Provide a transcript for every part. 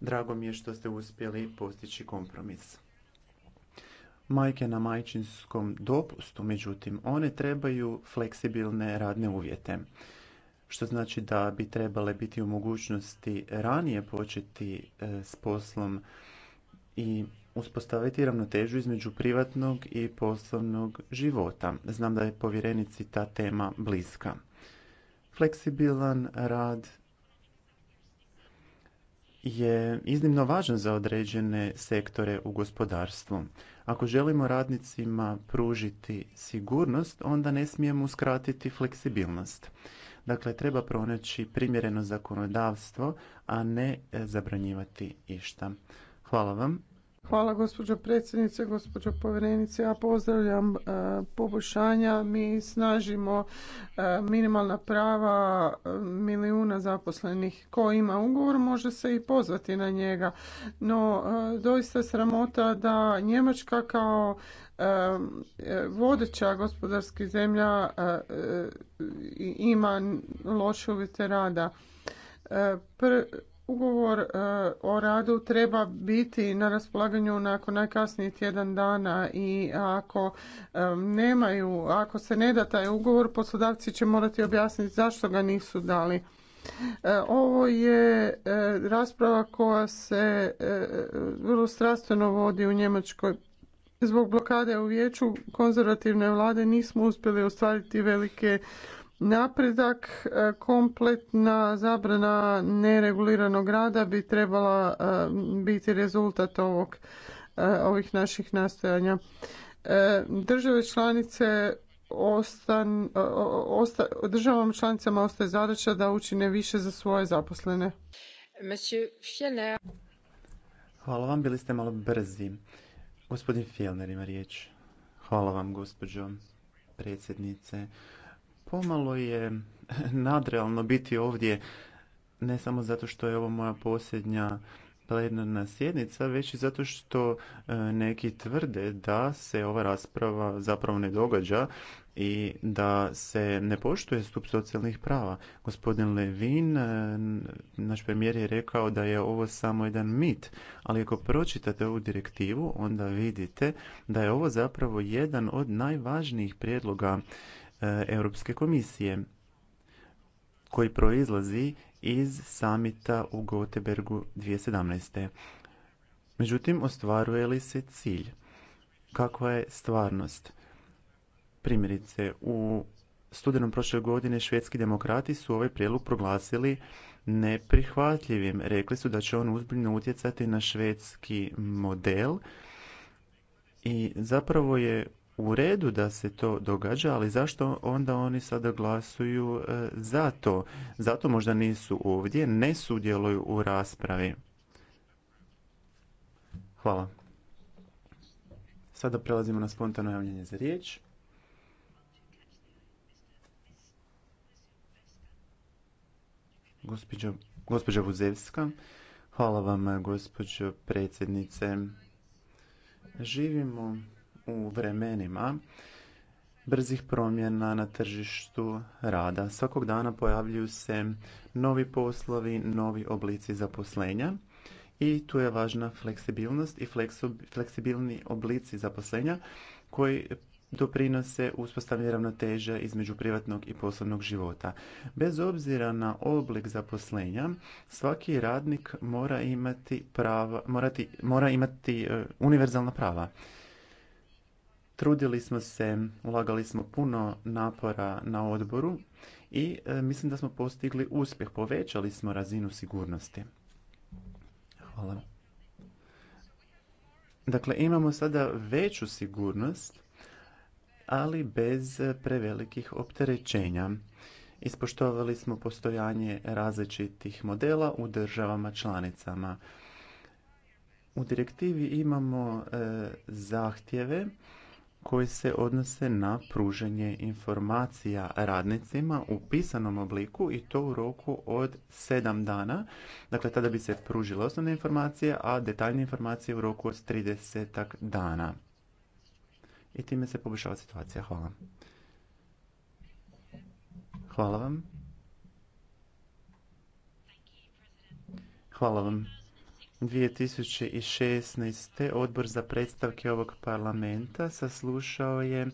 Drago mi je što ste uspjeli postići kompromis. Majke na majčinskom dopustu, međutim, one trebaju fleksibilne radne uvjete što znači da bi trebale biti u mogućnosti ranije početi e, s poslom i uspostaviti ravnotežu između privatnog i poslovnog života. Znam da je povjerenici ta tema bliska. Fleksibilan rad je iznimno važan za određene sektore u gospodarstvu. Ako želimo radnicima pružiti sigurnost, onda ne smijemo uskratiti fleksibilnost. Dakle, treba pronaći primjereno zakonodavstvo, a ne e, zabranjivati išta. Hvala vam. Hvala gospođo predsjednice, gospođo povjerenice. Ja pozdravljam e, poboljšanja. Mi snažimo e, minimalna prava e, milijuna zaposlenih. Ko ima ugovor može se i pozvati na njega. No doista je sramota da Njemačka kao vodeća gospodarskih zemlja ima loše uvjete rada Ugovor e, o radu treba biti na raspolaganju nakon najkasnijih tjedan dana i ako e, nemaju, ako se ne da taj ugovor, poslodavci će morati objasniti zašto ga nisu dali. E, ovo je rasprava koja se vrlo strastveno vodi u Njemačkoj. Zbog blokade u vijeću konzervativne vlade nismo uspjeli ostvariti velike napredak. E, kompletna zabrana nereguliranog rada bi trebala e, biti rezultat ovog, e, ovih naših nastojanja. Države članice ostan, osta, državama članicama ostaje zadaća da učine više za svoje zaposlene. Hvala vam, bili ste malo brzi. Gospodin Fjellner ima riječ. Hvala vam, gospođo predsjednice. Pomalo je nadrealno biti ovdje, ne samo zato što je ovo moja posljednja plenarna sjednica, već i zato što e, neki tvrde da se ova rasprava zapravo ne događa i da se ne poštuje stup socijalnih prava. Gospodin Levin, e, naš premijer je rekao da je ovo samo jedan mit, ali ako pročitate ovu direktivu, onda vidite da je ovo zapravo jedan od najvažnijih prijedloga E, Europske komisije koji proizlazi iz samita u Gotebergu 2017. Međutim, ostvaruje li se cilj? Kakva je stvarnost? Primjerice, u studenom prošle godine švedski demokrati su ovaj prijedlog proglasili neprihvatljivim. Rekli su da će on uzbiljno utjecati na švedski model i zapravo je u redu da se to događa, ali zašto onda oni sada glasuju e, za to? Zato možda nisu ovdje, ne sudjeluju u raspravi. Hvala. Sada prelazimo na spontano javljanje za riječ. Gospođo, gospođa Vuzevska, hvala vam gospođo predsjednice. Živimo u vremenima brzih promjena na tržištu rada. Svakog dana pojavljuju se novi poslovi, novi oblici zaposlenja i tu je važna fleksibilnost i fleksibilni oblici zaposlenja koji doprinose uspostavljanju ravnoteže između privatnog i poslovnog života. Bez obzira na oblik zaposlenja, svaki radnik mora imati prava, mora imati e, univerzalna prava Trudili smo se, ulagali smo puno napora na odboru i e, mislim da smo postigli uspjeh. Povećali smo razinu sigurnosti. Hvala. Dakle, imamo sada veću sigurnost, ali bez prevelikih opterećenja. Ispoštovali smo postojanje različitih modela u državama članicama. U direktivi imamo e, zahtjeve koji se odnose na pružanje informacija radnicima u pisanom obliku i to u roku od 7 dana. Dakle, tada bi se pružile osnovne informacije, a detaljne informacije u roku od 30 dana. I time se poboljšava situacija. Hvala. Hvala vam. Hvala vam. 2016. odbor za predstavke ovog parlamenta saslušao je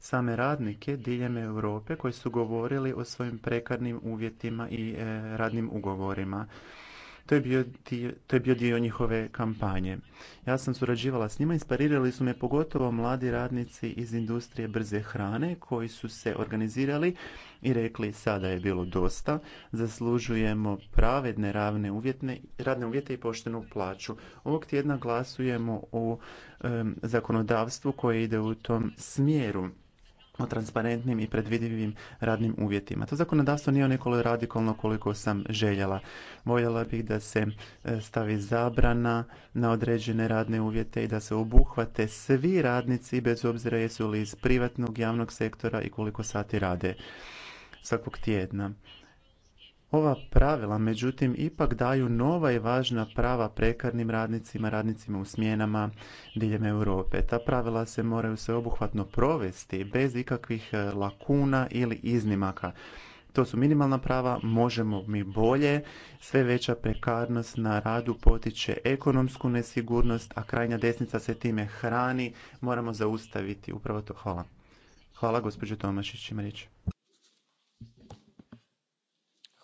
same radnike diljem Europe koji su govorili o svojim prekarnim uvjetima i e, radnim ugovorima. To je, bio dio, to je bio dio njihove kampanje. Ja sam surađivala s njima, inspirirali su me pogotovo mladi radnici iz industrije brze hrane koji su se organizirali i rekli sada je bilo dosta, zaslužujemo pravedne ravne uvjetne, radne uvjete i poštenu plaću. Ovog tjedna glasujemo o zakonodavstvu koje ide u tom smjeru o transparentnim i predvidivim radnim uvjetima. To zakonodavstvo nije onekolo radikalno koliko sam željela. Voljela bih da se e, stavi zabrana na određene radne uvjete i da se obuhvate svi radnici bez obzira jesu li iz privatnog, javnog sektora i koliko sati rade svakog tjedna. Ova pravila, međutim, ipak daju nova i važna prava prekarnim radnicima, radnicima u smjenama diljem Europe. Ta pravila se moraju sveobuhvatno provesti bez ikakvih e, lakuna ili iznimaka. To su minimalna prava, možemo mi bolje, sve veća prekarnost na radu potiče ekonomsku nesigurnost, a krajnja desnica se time hrani, moramo zaustaviti upravo to. Hvala. Hvala, gospođo Tomašić, ima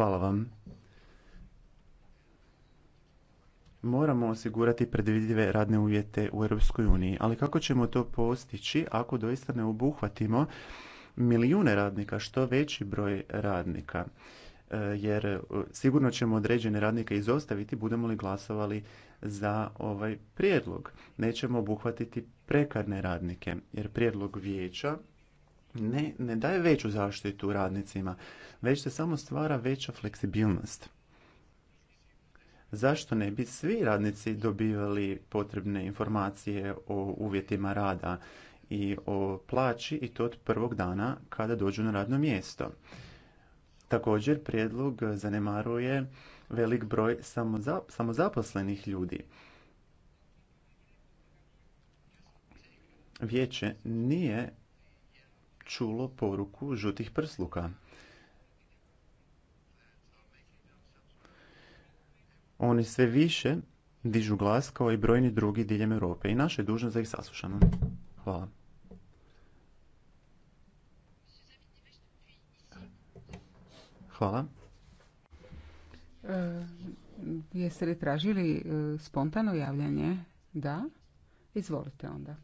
Hvala vam. Moramo osigurati predvidljive radne uvjete u Europskoj uniji, ali kako ćemo to postići ako doista ne obuhvatimo milijune radnika, što veći broj radnika? E, jer e, sigurno ćemo određene radnike izostaviti budemo li glasovali za ovaj prijedlog. Nećemo obuhvatiti prekarne radnike, jer prijedlog vijeća ne, ne daje veću zaštitu radnicima, već se samo stvara veća fleksibilnost. Zašto ne bi svi radnici dobivali potrebne informacije o uvjetima rada i o plaći i to od prvog dana kada dođu na radno mjesto? Također, prijedlog zanemaruje velik broj samozaposlenih ljudi. Vijeće nije čulo poruku žutih prsluka. Oni sve više dižu glas kao i brojni drugi diljem Europe i naša je dužnost da ih saslušamo. Hvala. Hvala. E, jeste li tražili e, spontano javljanje? Da. Izvolite onda.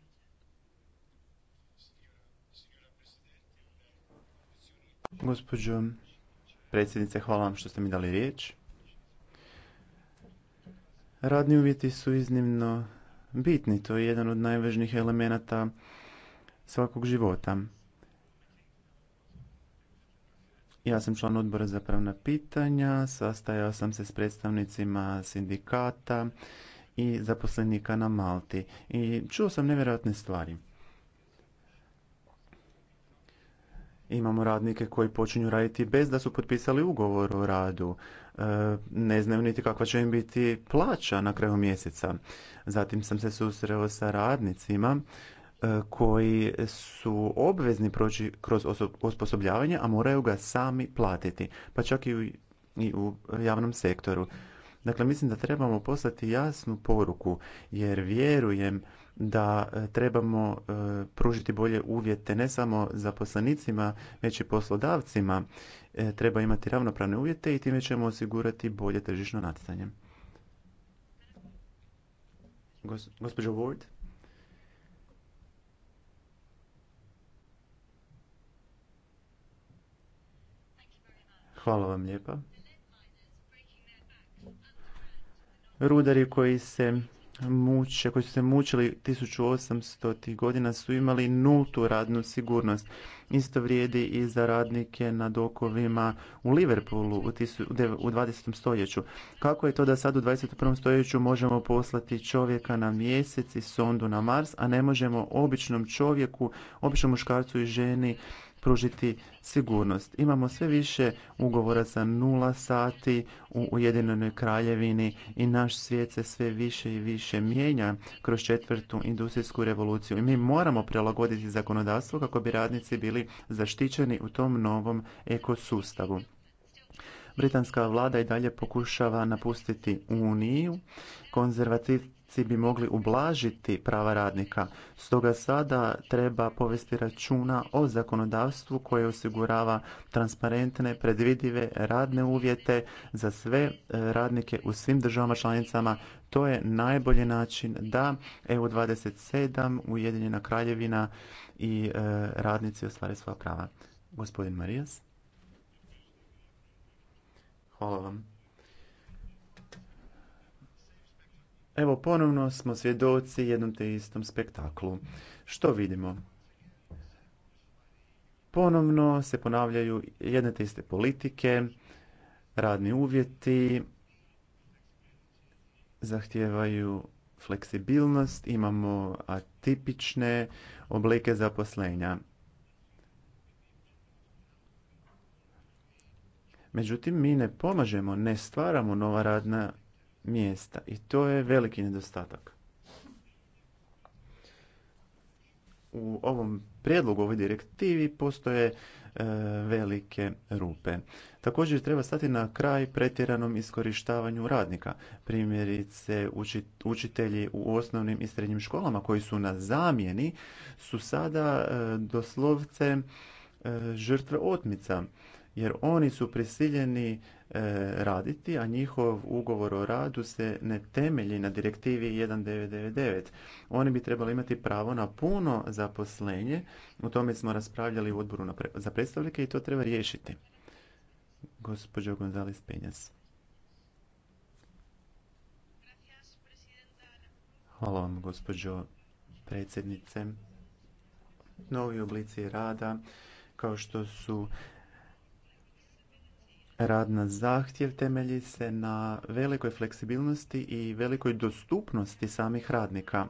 Gospođo predsjednice, hvala vam što ste mi dali riječ. Radni uvjeti su iznimno bitni, to je jedan od najvažnijih elemenata svakog života. Ja sam član odbora za pravna pitanja, sastajao sam se s predstavnicima sindikata i zaposlenika na Malti i čuo sam nevjerojatne stvari. Imamo radnike koji počinju raditi bez da su potpisali ugovor o radu. E, ne znaju niti kakva će im biti plaća na kraju mjeseca. Zatim sam se susreo sa radnicima e, koji su obvezni proći kroz osposobljavanje, a moraju ga sami platiti, pa čak i u, i u javnom sektoru. Dakle, mislim da trebamo poslati jasnu poruku, jer vjerujem da e, trebamo e, pružiti bolje uvjete ne samo zaposlenicima već i poslodavcima e, treba imati ravnopravne uvjete i time ćemo osigurati bolje tržišno natjecanje. Gospođo Ward. Hvala vam lijepa. Rudari koji se muče, koji su se mučili 1800. godina su imali nultu radnu sigurnost. Isto vrijedi i za radnike na dokovima u Liverpoolu u 20. stoljeću. Kako je to da sad u 21. stoljeću možemo poslati čovjeka na mjesec i sondu na Mars, a ne možemo običnom čovjeku, običnom muškarcu i ženi pružiti sigurnost. Imamo sve više ugovora za nula sati u Ujedinjenoj kraljevini i naš svijet se sve više i više mijenja kroz četvrtu industrijsku revoluciju. I mi moramo prilagoditi zakonodavstvo kako bi radnici bili zaštićeni u tom novom ekosustavu. Britanska vlada i dalje pokušava napustiti Uniju. Konzervativ, bi mogli ublažiti prava radnika. Stoga sada treba povesti računa o zakonodavstvu koje osigurava transparentne, predvidive radne uvjete za sve e, radnike u svim državama članicama. To je najbolji način da EU27, Ujedinjena kraljevina i e, radnici ostvare svoja prava. Gospodin Marijas. Hvala vam. Evo ponovno smo svjedoci jednom te istom spektaklu. Što vidimo? Ponovno se ponavljaju jedne te iste politike, radni uvjeti, zahtijevaju fleksibilnost, imamo atipične oblike zaposlenja. Međutim, mi ne pomažemo, ne stvaramo nova radna mjesta i to je veliki nedostatak. U ovom prijedlogu ovoj direktivi postoje e, velike rupe. Također treba stati na kraj pretjeranom iskorištavanju radnika. Primjerice učitelji u osnovnim i srednjim školama koji su na zamjeni su sada e, doslovce e, žrtve otmica jer oni su prisiljeni E, raditi, a njihov ugovor o radu se ne temelji na direktivi 1999. Oni bi trebali imati pravo na puno zaposlenje, o tome smo raspravljali u odboru za predstavnike i to treba riješiti. Gospođo Gonzales Penjas. Hvala vam, gospođo predsjednice. Novi oblici rada, kao što su Rad na zahtjev temelji se na velikoj fleksibilnosti i velikoj dostupnosti samih radnika.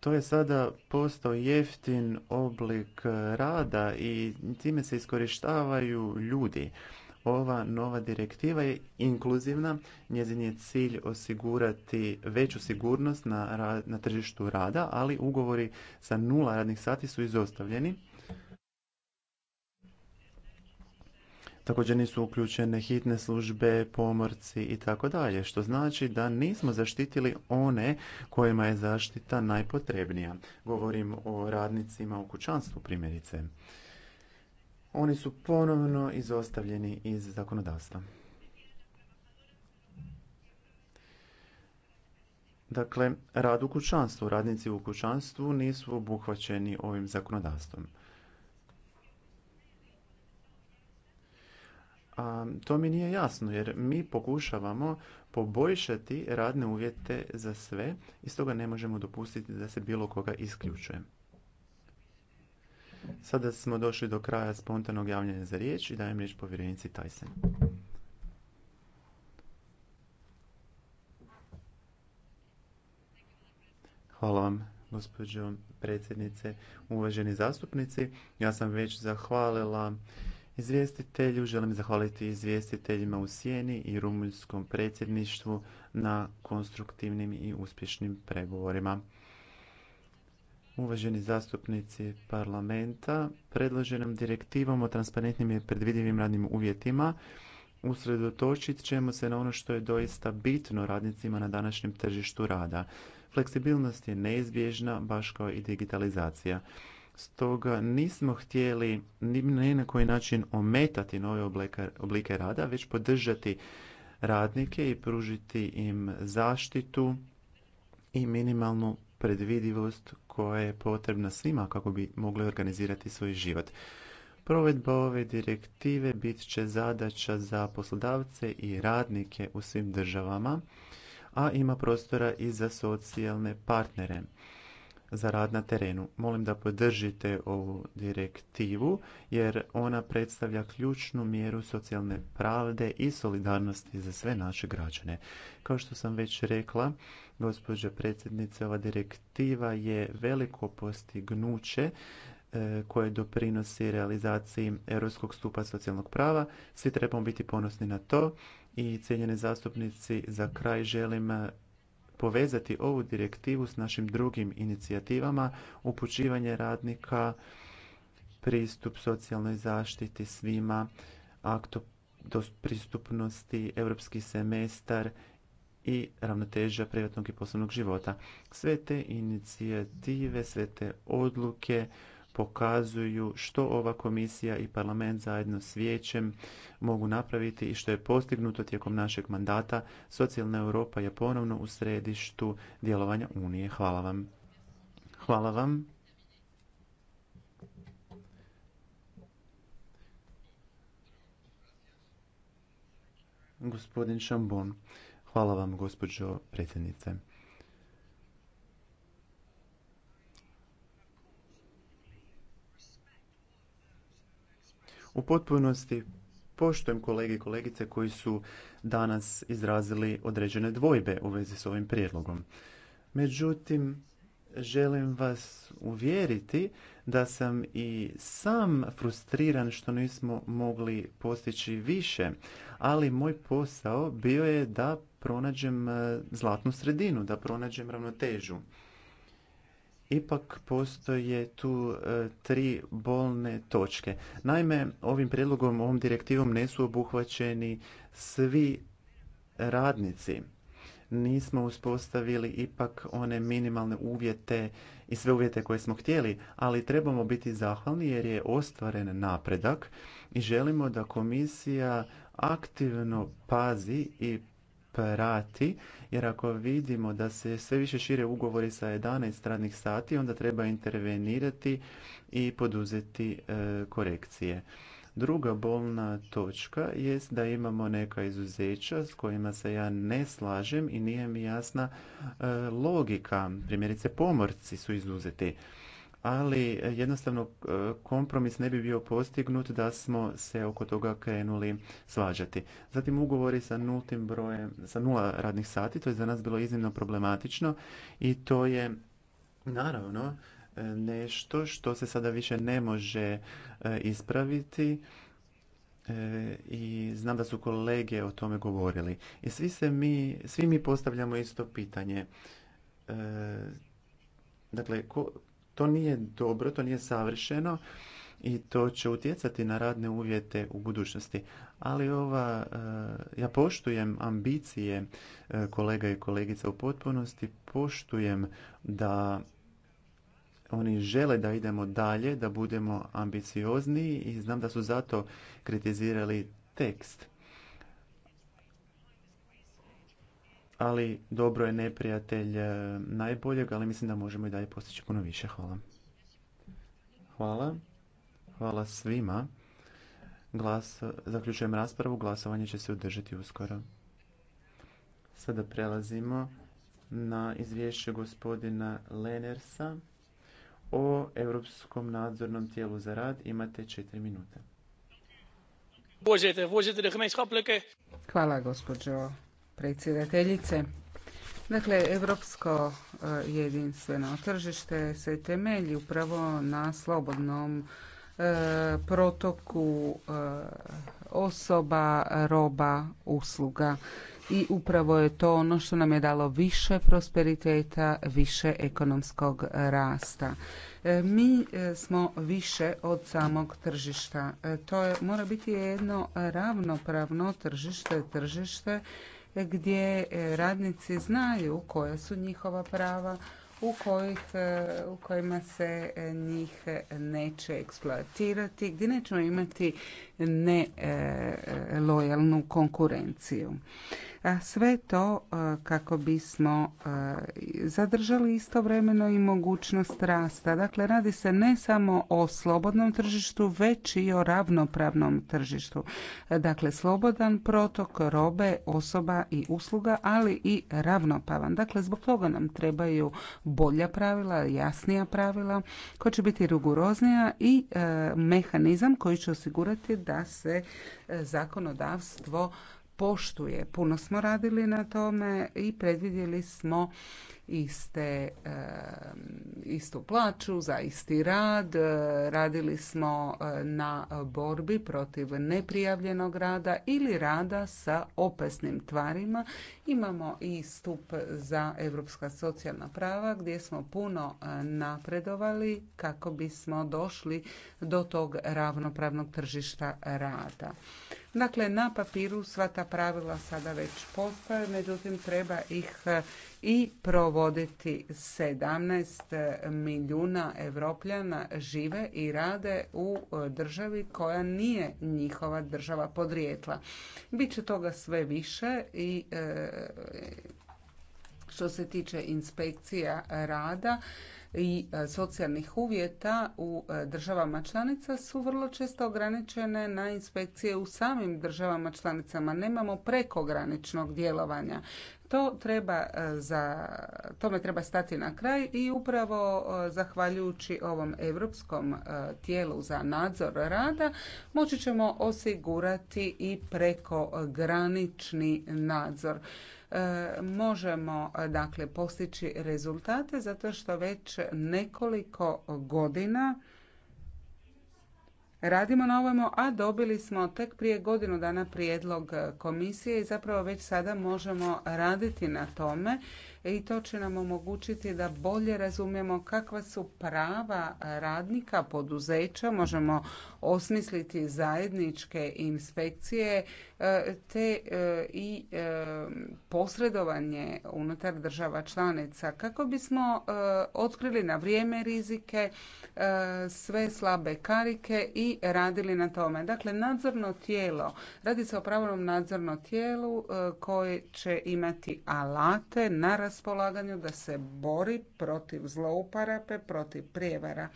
To je sada postao jeftin oblik rada i time se iskorištavaju ljudi. Ova nova direktiva je inkluzivna, njezin je cilj osigurati veću sigurnost na, na tržištu rada, ali ugovori sa nula radnih sati su izostavljeni Također nisu uključene hitne službe, pomorci i tako dalje, što znači da nismo zaštitili one kojima je zaštita najpotrebnija. Govorim o radnicima u kućanstvu primjerice. Oni su ponovno izostavljeni iz zakonodavstva. Dakle, rad u kućanstvu, radnici u kućanstvu nisu obuhvaćeni ovim zakonodavstvom. to mi nije jasno jer mi pokušavamo poboljšati radne uvjete za sve i stoga ne možemo dopustiti da se bilo koga isključuje. Sada smo došli do kraja spontanog javljanja za riječ i dajem riječ povjerenici Tyson. Hvala vam, gospođo predsjednice, uvaženi zastupnici. Ja sam već zahvalila izvjestitelju želim zahvaliti izvjestiteljima u sjeni i rumunjskom predsjedništvu na konstruktivnim i uspješnim pregovorima uvaženi zastupnici parlamenta predloženom direktivom o transparentnim i predvidivim radnim uvjetima usredotočit ćemo se na ono što je doista bitno radnicima na današnjem tržištu rada fleksibilnost je neizbježna baš kao i digitalizacija Stoga nismo htjeli ni na koji način ometati nove oblike, rada, već podržati radnike i pružiti im zaštitu i minimalnu predvidivost koja je potrebna svima kako bi mogli organizirati svoj život. Provedba ove direktive bit će zadaća za poslodavce i radnike u svim državama, a ima prostora i za socijalne partnere za rad na terenu. Molim da podržite ovu direktivu jer ona predstavlja ključnu mjeru socijalne pravde i solidarnosti za sve naše građane. Kao što sam već rekla, gospođa predsjednice, ova direktiva je veliko postignuće e, koje doprinosi realizaciji europskog stupa socijalnog prava. Svi trebamo biti ponosni na to i cijenjeni zastupnici za kraj želim povezati ovu direktivu s našim drugim inicijativama upućivanje radnika pristup socijalnoj zaštiti svima akt pristupnosti europski semestar i ravnoteža privatnog i poslovnog života sve te inicijative sve te odluke pokazuju što ova komisija i parlament zajedno s vijećem mogu napraviti i što je postignuto tijekom našeg mandata. Socijalna Europa je ponovno u središtu djelovanja Unije. Hvala vam. Hvala vam. Gospodin Šambon. Hvala vam, gospođo predsjednice. U potpunosti poštujem kolege i kolegice koji su danas izrazili određene dvojbe u vezi s ovim prijedlogom. Međutim, želim vas uvjeriti da sam i sam frustriran što nismo mogli postići više, ali moj posao bio je da pronađem eh, zlatnu sredinu, da pronađem ravnotežu ipak postoje tu e, tri bolne točke. Naime, ovim prijedlogom, ovom direktivom nisu obuhvaćeni svi radnici. Nismo uspostavili ipak one minimalne uvjete i sve uvjete koje smo htjeli, ali trebamo biti zahvalni jer je ostvaren napredak i želimo da komisija aktivno pazi i prati, jer ako vidimo da se sve više šire ugovori sa 11 stranih sati, onda treba intervenirati i poduzeti e, korekcije. Druga bolna točka jest da imamo neka izuzeća s kojima se ja ne slažem i nije mi jasna e, logika. Primjerice, pomorci su izuzeti ali e, jednostavno e, kompromis ne bi bio postignut da smo se oko toga krenuli svađati. Zatim ugovori sa nultim brojem, sa nula radnih sati, to je za nas bilo iznimno problematično i to je naravno e, nešto što se sada više ne može ispraviti i znam da su kolege o tome govorili. I svi, se mi, svi mi postavljamo isto pitanje. Dakle, ko, to nije dobro, to nije savršeno i to će utjecati na radne uvjete u budućnosti. Ali ova, eh, ja poštujem ambicije eh, kolega i kolegica u potpunosti, poštujem da oni žele da idemo dalje, da budemo ambiciozniji i znam da su zato kritizirali tekst. ali dobro je neprijatelj e, najboljeg, ali mislim da možemo i dalje postići puno više. Hvala. Hvala. Hvala svima. Glas, zaključujem raspravu. Glasovanje će se održati uskoro. Sada prelazimo na izvješće gospodina Lenersa o Europskom nadzornom tijelu za rad. Imate četiri minute. Hvala gospođo predsjedateljice. Dakle, europsko e, jedinstveno tržište se temelji upravo na slobodnom e, protoku e, osoba, roba, usluga. I upravo je to ono što nam je dalo više prosperiteta, više ekonomskog rasta. Mi smo više od samog tržišta. To je, mora biti jedno ravnopravno tržište, tržište gdje e, radnici znaju koja su njihova prava, u, e, kojima se e, njih neće eksploatirati, gdje nećemo imati nelojalnu e, e, konkurenciju. A sve to e, kako bismo zadržali istovremeno i mogućnost rasta. Dakle, radi se ne samo o slobodnom tržištu, već i o ravnopravnom tržištu. Dakle, slobodan protok robe, osoba i usluga, ali i ravnopavan. Dakle, zbog toga nam trebaju bolja pravila, jasnija pravila koja će biti rigoroznija i mehanizam koji će osigurati da se e, zakonodavstvo poštuje. Puno smo radili na tome i predvidjeli smo iste, istu plaću za isti rad. Radili smo e, na borbi protiv neprijavljenog rada ili rada sa opasnim tvarima. Imamo i stup za europska socijalna prava gdje smo puno e, napredovali kako bismo došli do tog ravnopravnog tržišta rada. Dakle, na papiru sva ta pravila sada već postoje, međutim treba ih i provoditi 17 milijuna Evropljana žive i rade u e, državi koja nije njihova država podrijetla. će toga sve više i e, što se tiče inspekcija rada i e, socijalnih uvjeta u e, državama članica su vrlo često ograničene na inspekcije u samim državama članicama. Nemamo prekograničnog djelovanja. To treba e, za, tome treba stati na kraj i upravo zahvaljujući ovom europskom tijelu za nadzor rada moći ćemo osigurati i prekogranični nadzor. E, možemo e, dakle postići rezultate zato što već nekoliko godina radimo na ovome, a dobili smo tek prije godinu dana prijedlog komisije i zapravo već sada možemo raditi na tome i to će nam omogućiti da bolje razumijemo kakva su prava radnika, poduzeća, možemo osmisliti zajedničke inspekcije e, te e, i e, posredovanje unutar država članica kako bismo otkrili na vrijeme rizike sve slabe karike i radili na tome. Dakle, nadzorno tijelo, radi se o pravilnom nadzornom tijelu koje će imati alate na raspolaganju da se bori protiv zlouporabe, protiv prijevara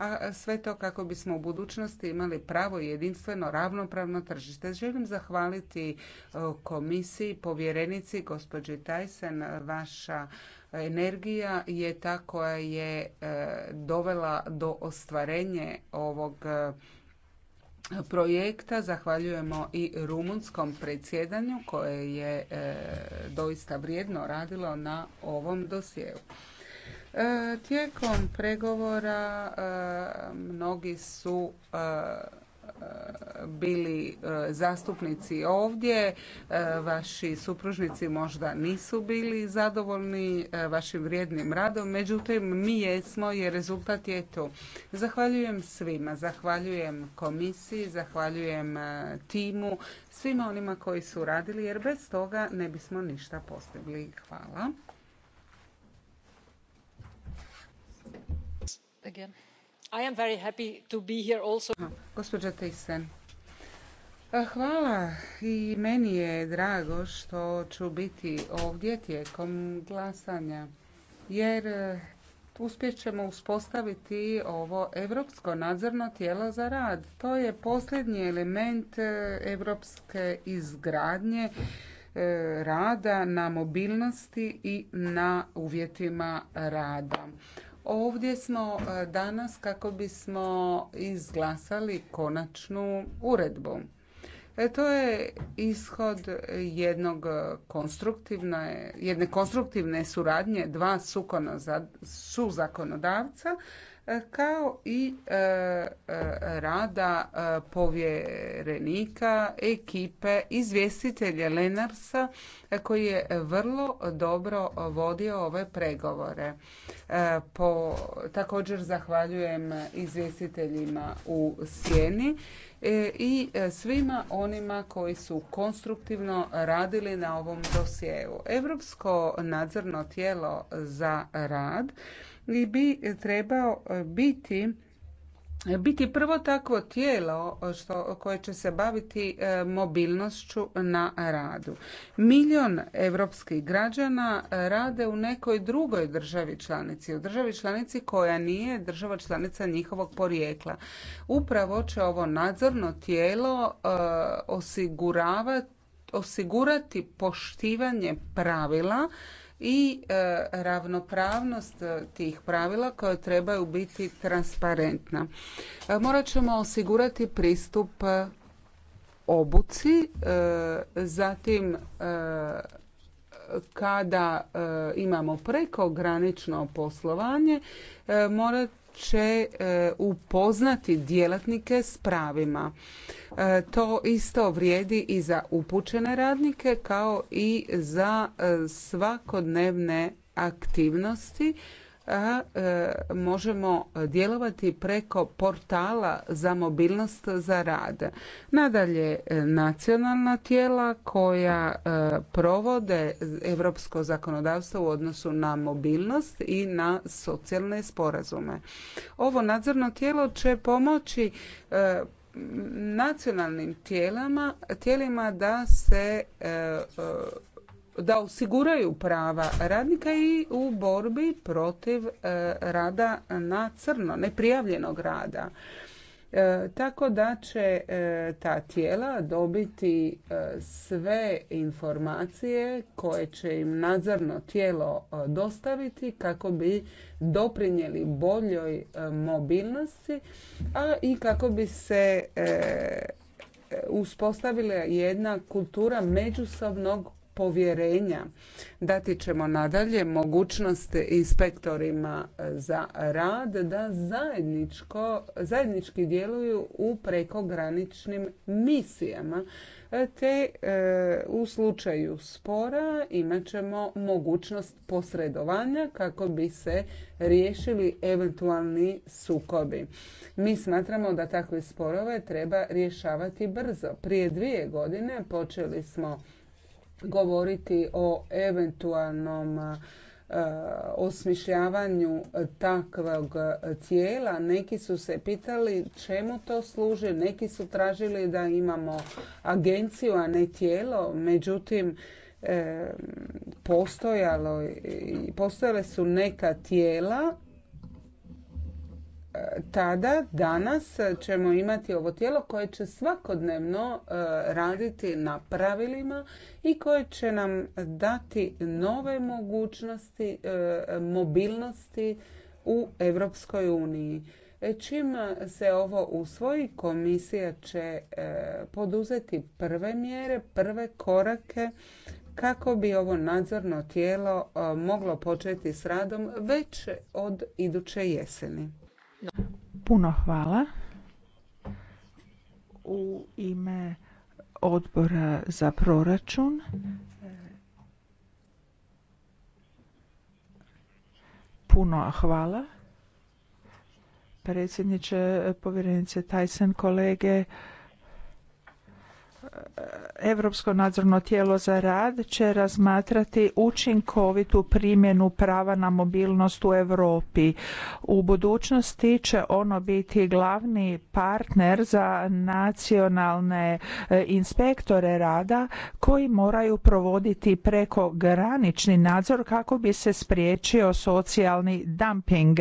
a sve to kako bismo u budućnosti imali pravo i jedinstveno ravnopravno tržište. Želim zahvaliti e, komisiji, povjerenici, gospođi Tajsen. vaša energija je ta koja je e, dovela do ostvarenje ovog e, projekta. Zahvaljujemo i rumunskom predsjedanju koje je doista vrijedno radilo na ovom dosjeu. E, tijekom pregovora e, mnogi su e, bili zastupnici ovdje, vaši supružnici možda nisu bili zadovoljni vašim vrijednim radom, međutim mi jesmo i rezultat je tu. Zahvaljujem svima, zahvaljujem komisiji, zahvaljujem timu, svima onima koji su radili jer bez toga ne bismo ništa postigli. Hvala. Hvala i meni je drago što ću biti ovdje tijekom glasanja jer eh, uspjet ćemo uspostaviti ovo europsko nadzorno tijelo za rad. To je posljednji element europske eh, izgradnje eh, rada na mobilnosti i na uvjetima rada. Ovdje smo e, danas kako bismo izglasali konačnu uredbu. E, to je ishod jednog konstruktivne, jedne konstruktivne suradnje dva su zakonodavca e, kao i e, rada povjerenika, ekipe, izvjestitelja Lenarsa koji je vrlo dobro vodio ove pregovore. Po, također zahvaljujem izvjestiteljima u Sjeni E, i e, svima onima koji su konstruktivno radili na ovom dosjeu. Europsko nadzorno tijelo za rad bi trebao biti biti prvo takvo tijelo što, koje će se baviti e, mobilnošću na radu. Milion europskih građana rade u nekoj drugoj državi članici, u državi članici koja nije država članica njihovog porijekla. Upravo će ovo nadzorno tijelo e, osiguravati osigurati poštivanje pravila i e, ravnopravnost e, tih pravila koja trebaju biti transparentna. E, morat ćemo osigurati pristup obuci, zatim kada imamo prekogranično poslovanje morat će e, upoznati djelatnike s pravima. E, to isto vrijedi i za upućene radnike kao i za e, svakodnevne aktivnosti a e, možemo djelovati preko portala za mobilnost za rad. Nadalje, e, nacionalna tijela koja e, provode europsko zakonodavstvo u odnosu na mobilnost i na socijalne sporazume. Ovo nadzorno tijelo će pomoći nacionalnim tijelama, tijelima da se da osiguraju prava radnika i u borbi protiv e, rada na crno, neprijavljenog rada. E, tako da će e, ta tijela dobiti sve informacije koje će im nadzorno tijelo dostaviti kako bi doprinijeli boljoj mobilnosti, a i kako bi se uspostavila jedna kultura međusobnog povjerenja. Dati ćemo nadalje mogućnost inspektorima za rad da zajednički djeluju u prekograničnim misijama te e, u slučaju spora imat ćemo mogućnost posredovanja kako bi se riješili eventualni sukobi. Mi smatramo da takve sporove treba rješavati brzo. Prije dvije godine počeli smo govoriti o eventualnom e, osmišljavanju takvog tijela. Neki su se pitali čemu to služi, neki su tražili da imamo agenciju, a ne tijelo. Međutim, e, postojalo, postojale su neka tijela tada, danas ćemo imati ovo tijelo koje će svakodnevno e, raditi na pravilima i koje će nam dati nove mogućnosti e, mobilnosti u Europskoj uniji. E, čim se ovo usvoji, komisija će poduzeti prve mjere, prve korake kako bi ovo nadzorno tijelo moglo početi s radom već od iduće jeseni. Puno hvala. U ime odbora za proračun puno hvala. Predsjedniče, povjerenice Tyson, kolege, Europsko nadzorno tijelo za rad će razmatrati učinkovitu primjenu prava na mobilnost u Europi. U budućnosti će ono biti glavni partner za nacionalne e, inspektore rada koji moraju provoditi preko nadzor kako bi se spriječio socijalni dumping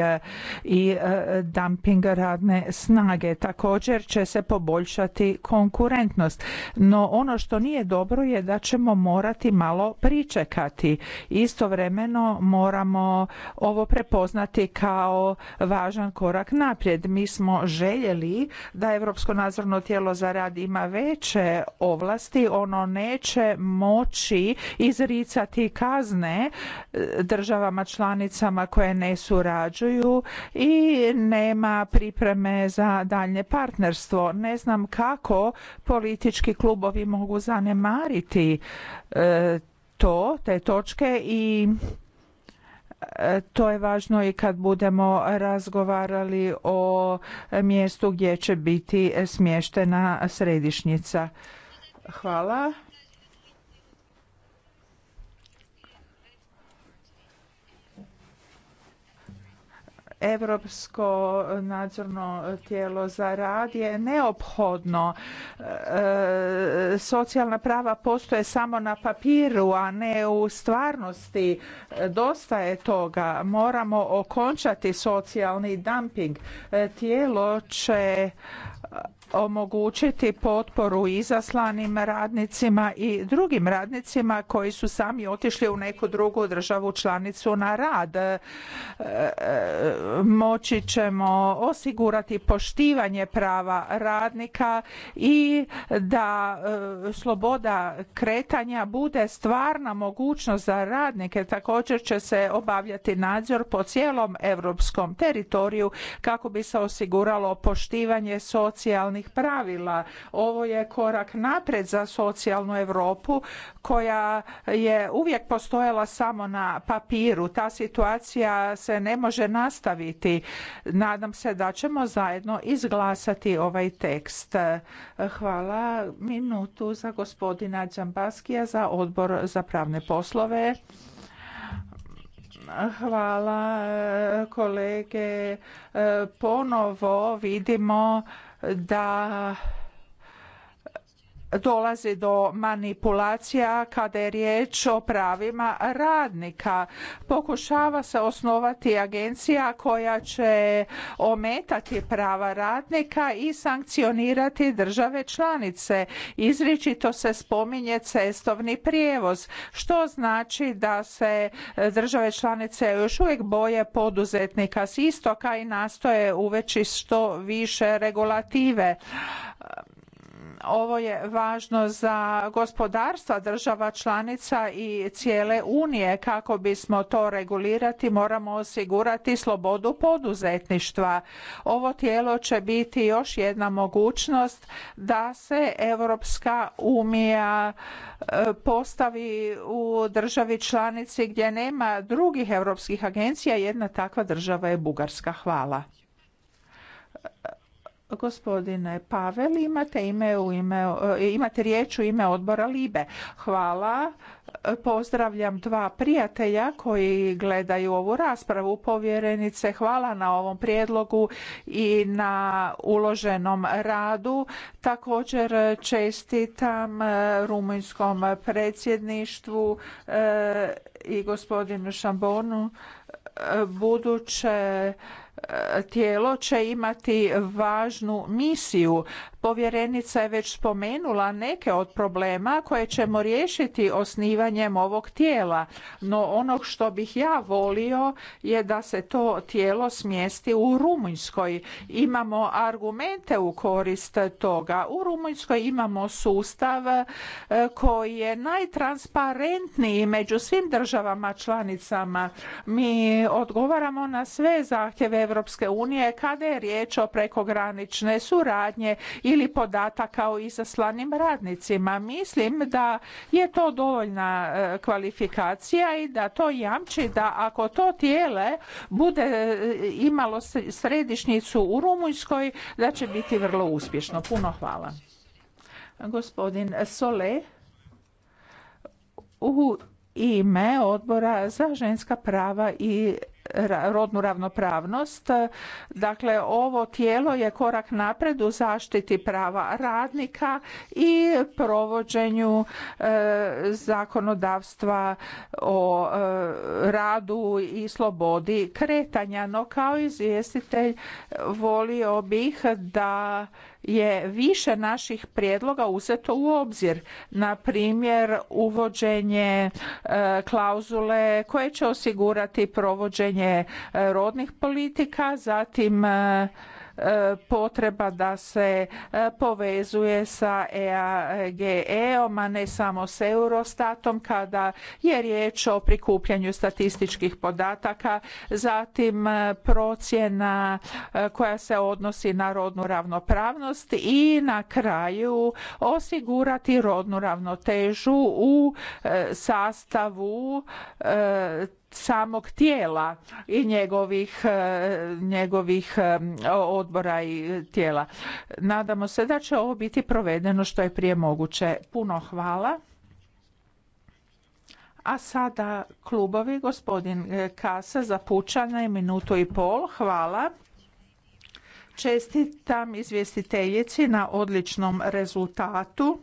i e, dumping radne snage. Također će se poboljšati konkurentnost. No ono što nije dobro je da ćemo morati malo pričekati. Istovremeno moramo ovo prepoznati kao važan korak naprijed. Mi smo željeli da Europsko nadzorno tijelo za rad ima veće ovlasti, ono neće moći izricati kazne e, državama članicama koje ne surađuju i nema pripreme za daljnje partnerstvo. Ne znam kako politički klubovi mogu zanemariti e, to, te točke i e, to je važno i kad budemo razgovarali o mjestu gdje će biti smještena središnjica. Hvala. Europsko nadzorno tijelo za rad je neophodno. E, socijalna prava postoje samo na papiru, a ne u stvarnosti. Dosta je toga. Moramo okončati socijalni dumping. E, tijelo će omogućiti potporu izaslanim radnicima i drugim radnicima koji su sami otišli u neku drugu državu članicu na rad. E, e, moći ćemo osigurati poštivanje prava radnika i da e, sloboda kretanja bude stvarna mogućnost za radnike. Također će se obavljati nadzor po cijelom europskom teritoriju kako bi se osiguralo poštivanje socijalnih socijalnih pravila. Ovo je korak napred za socijalnu Europu koja je uvijek postojala samo na papiru. Ta situacija se ne može nastaviti. Nadam se da ćemo zajedno izglasati ovaj tekst. Hvala minutu za gospodina Đambaskija za odbor za pravne poslove. Hvala kolege. Ponovo vidimo da dolazi do manipulacija kada je riječ o pravima radnika. Pokušava se osnovati agencija koja će ometati prava radnika i sankcionirati države članice. Izričito se spominje cestovni prijevoz, što znači da se države članice još uvijek boje poduzetnika s istoka i nastoje uveći što više regulative ovo je važno za gospodarstva država članica i cijele unije. Kako bismo to regulirati moramo osigurati slobodu poduzetništva. Ovo tijelo će biti još jedna mogućnost da se Europska unija e, postavi u državi članici gdje nema drugih europskih agencija. Jedna takva država je Bugarska. Hvala. Gospodine Pavel, imate, ime u ime, e, imate riječ u ime odbora Libe. Hvala. E, pozdravljam dva prijatelja koji gledaju ovu raspravu povjerenice. Hvala na ovom prijedlogu i na uloženom radu. Također čestitam e, rumunjskom predsjedništvu i gospodinu Šambonu buduće tijelo će imati važnu misiju. Povjerenica je već spomenula neke od problema koje ćemo riješiti osnivanjem ovog tijela, no ono što bih ja volio je da se to tijelo smjesti u Rumunjskoj. Imamo argumente u korist toga. U Rumunjskoj imamo sustav eh, koji je najtransparentniji među svim državama članicama. Mi odgovaramo na sve zahtjeve Europske unije kada je riječ o prekogranične suradnje ili podataka o izaslanim radnicima. Mislim da je to dovoljna e, kvalifikacija i da to jamči da ako to tijele bude e, imalo središnjicu u Rumunjskoj da će biti vrlo uspješno. Puno hvala. Gospodin Sole u ime odbora za ženska prava i rodnu ravnopravnost. Dakle, ovo tijelo je korak napred u zaštiti prava radnika i provođenju e, zakonodavstva o e, radu i slobodi kretanja. No, kao izvjestitelj volio bih da je više naših prijedloga uzeto u obzir. Na primjer, uvođenje e, klauzule koje će osigurati provođenje e, rodnih politika, zatim e, potreba da se e, povezuje sa EAGE-om, a ne samo s Eurostatom kada je riječ o prikupljanju statističkih podataka, zatim e, procjena e, koja se odnosi na rodnu ravnopravnost i na kraju osigurati rodnu ravnotežu u sastavu samog tijela i njegovih, e, njegovih e, odbora i tijela. Nadamo se da će ovo biti provedeno što je prije moguće. Puno hvala. A sada klubovi, gospodin e, Kasa za je minutu i pol. Hvala. Čestitam izvjestiteljici na odličnom rezultatu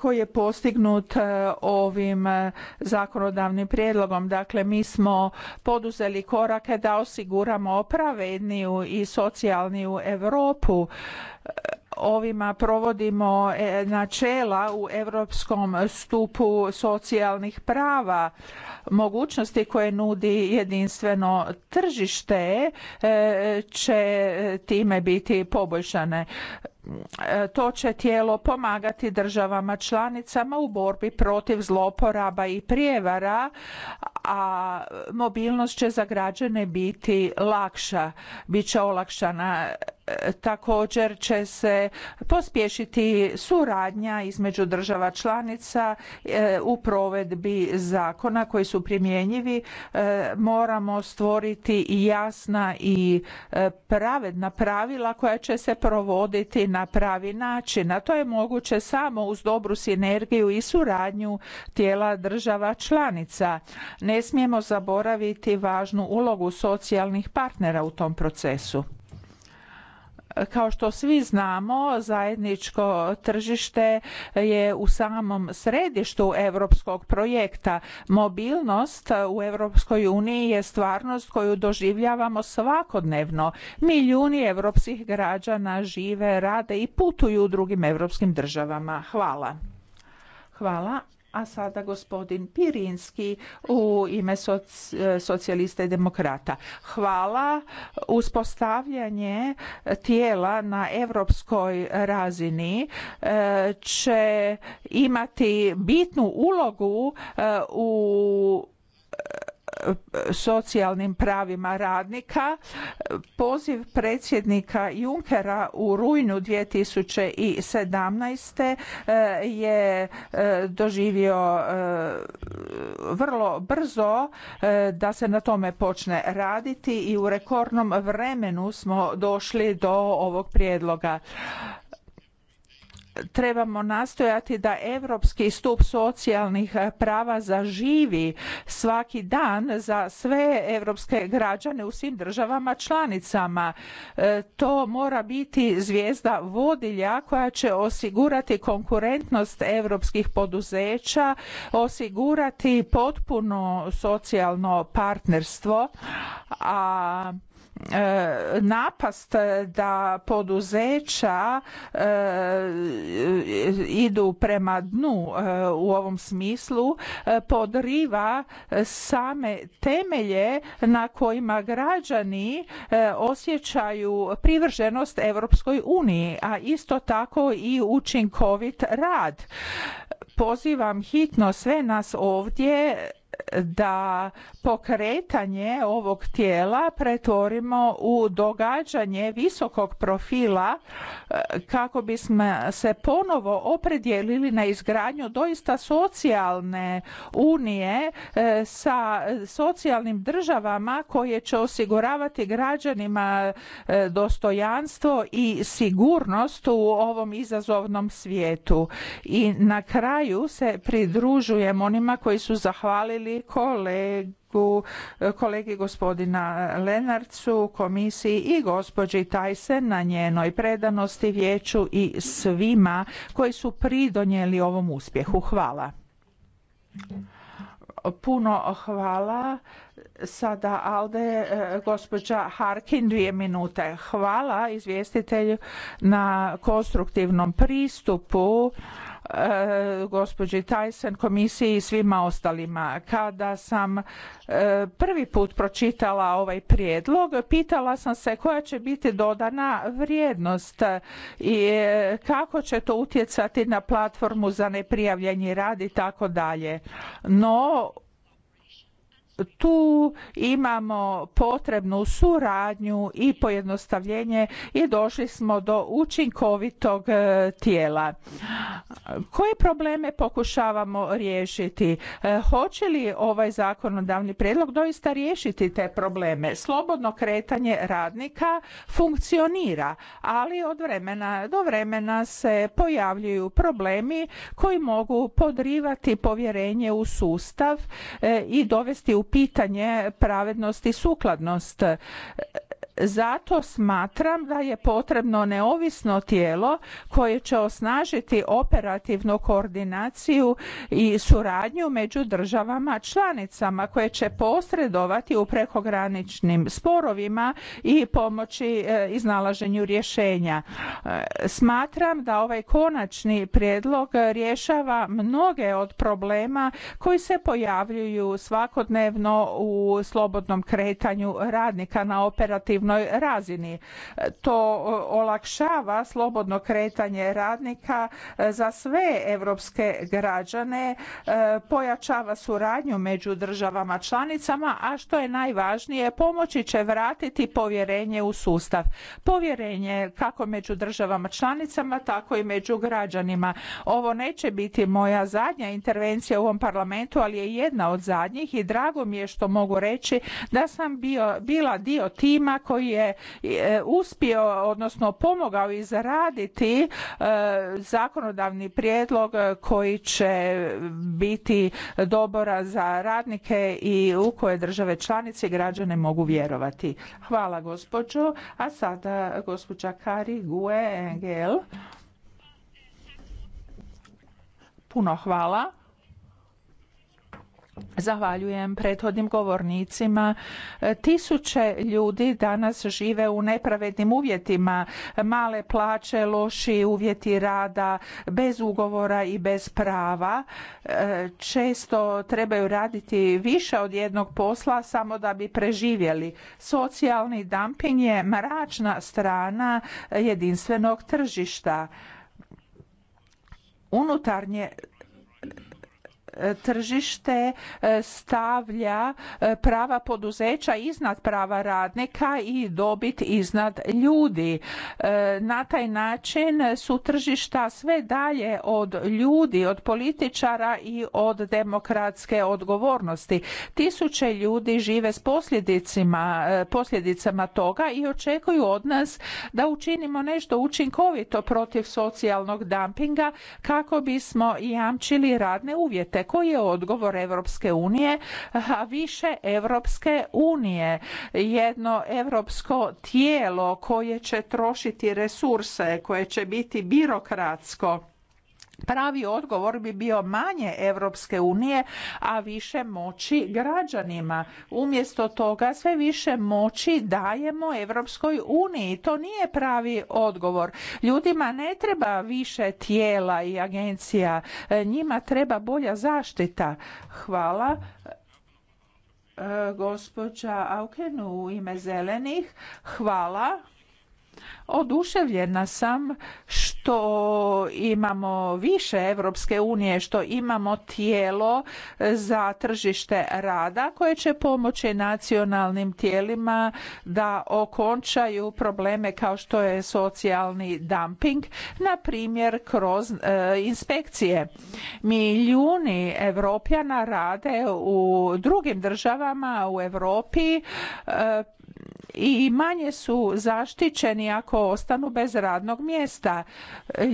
koji je postignut e, ovim e, zakonodavnim prijedlogom. Dakle, mi smo poduzeli korake da osiguramo pravedniju i socijalniju Europu ovima provodimo e, načela u europskom stupu socijalnih prava mogućnosti koje nudi jedinstveno tržište e, će time biti poboljšane e, to će tijelo pomagati državama članicama u borbi protiv zloporaba i prijevara a mobilnost će za građane biti lakša bit će olakšana također će se pospješiti suradnja između država članica e, u provedbi zakona koji su primjenjivi. E, moramo stvoriti jasna i e, pravedna pravila koja će se provoditi na pravi način, a to je moguće samo uz dobru sinergiju i suradnju tijela država članica. Ne smijemo zaboraviti važnu ulogu socijalnih partnera u tom procesu kao što svi znamo zajedničko tržište je u samom središtu europskog projekta mobilnost u europskoj uniji je stvarnost koju doživljavamo svakodnevno milijuni europskih građana žive rade i putuju u drugim europskim državama hvala hvala a sada gospodin Pirinski u ime socijalista i demokrata. Hvala. Uspostavljanje tijela na europskoj razini e, će imati bitnu ulogu e, u socijalnim pravima radnika. Poziv predsjednika Junckera u rujnu 2017. Eh, je eh, doživio eh, vrlo brzo da se na tome počne raditi i u rekordnom vremenu smo došli do ovog prijedloga trebamo nastojati da europski stup socijalnih prava zaživi svaki dan za sve europske građane u svim državama članicama. E, to mora biti zvijezda vodilja koja će osigurati konkurentnost europskih poduzeća, osigurati potpuno socijalno partnerstvo, a napast da poduzeća eh, idu prema dnu eh, u ovom smislu eh, podriva same temelje na kojima građani osjećaju privrženost Europskoj uniji, a isto tako i učinkovit rad. Pozivam hitno sve nas ovdje da pokretanje ovog tijela pretvorimo u događanje visokog profila e, kako bismo se ponovo opredijelili na izgradnju doista socijalne unije e, sa socijalnim državama koje će osiguravati građanima e, dostojanstvo i sigurnost u ovom izazovnom svijetu. I na kraju se pridružujem onima koji su zahvalili kolegu, kolegi gospodina Lenarcu, komisiji i gospođi Tajse na njenoj predanosti vijeću i svima koji su pridonijeli ovom uspjehu. Hvala. Puno hvala. Sada Alde, e, gospođa Harkin, dvije minute. Hvala izvjestitelju na konstruktivnom pristupu Eh, gospođi Tyson, komisiji i svima ostalima. Kada sam eh, prvi put pročitala ovaj prijedlog, pitala sam se koja će biti dodana vrijednost i eh, kako će to utjecati na platformu za neprijavljeni rad i tako dalje. No, tu imamo potrebnu suradnju i pojednostavljenje i došli smo do učinkovitog e, tijela. Koje probleme pokušavamo riješiti? E, hoće li ovaj zakonodavni prijedlog doista riješiti te probleme? Slobodno kretanje radnika funkcionira, ali od vremena do vremena se pojavljuju problemi koji mogu podrivati povjerenje u sustav e, i dovesti u pitanje pravednosti i sukladnost zato smatram da je potrebno neovisno tijelo koje će osnažiti operativnu koordinaciju i suradnju među državama članicama koje će posredovati u prekograničnim sporovima i pomoći e, iznalaženju rješenja. E, smatram da ovaj konačni prijedlog rješava mnoge od problema koji se pojavljuju svakodnevno u slobodnom kretanju radnika na operativnu razini. To e, olakšava slobodno kretanje radnika e, za sve europske građane, e, pojačava suradnju među državama članicama, a što je najvažnije pomoći će vratiti povjerenje u sustav. Povjerenje kako među državama članicama, tako i među građanima. Ovo neće biti moja zadnja intervencija u ovom parlamentu, ali je jedna od zadnjih i drago mi je što mogu reći da sam bio, bila dio tima koji koji je e, uspio, odnosno pomogao zaraditi e, zakonodavni prijedlog e, koji će biti dobora za radnike i u koje države članice i građane mogu vjerovati. Hvala gospođo. A sada gospođa Kari Gue Engel. Puno hvala. Zahvaljujem prethodnim govornicima. Tisuće ljudi danas žive u nepravednim uvjetima. Male plaće, loši uvjeti rada, bez ugovora i bez prava. Često trebaju raditi više od jednog posla samo da bi preživjeli. Socijalni dumping je mračna strana jedinstvenog tržišta. Unutarnje tržište e, stavlja e, prava poduzeća iznad prava radnika i dobit iznad ljudi. E, na taj način su tržišta sve dalje od ljudi, od političara i od demokratske odgovornosti. Tisuće ljudi žive s posljedicima, posljedicama toga i očekuju od nas da učinimo nešto učinkovito protiv socijalnog dumpinga kako bismo jamčili radne uvjete koji je odgovor Europske unije? A više Europske unije. Jedno europsko tijelo koje će trošiti resurse, koje će biti birokratsko Pravi odgovor bi bio manje Europske unije, a više moći građanima. Umjesto toga sve više moći dajemo Europskoj uniji. To nije pravi odgovor. Ljudima ne treba više tijela i agencija, njima treba bolja zaštita. Hvala. E, gospođa Aukenu u ime zelenih, hvala. Oduševljena sam što imamo više Europske unije, što imamo tijelo za tržište rada koje će pomoći nacionalnim tijelima da okončaju probleme kao što je socijalni dumping, na primjer kroz e, inspekcije. Milijuni Europljana rade u drugim državama u Europi e, i manje su zaštićeni ako ostanu bez radnog mjesta.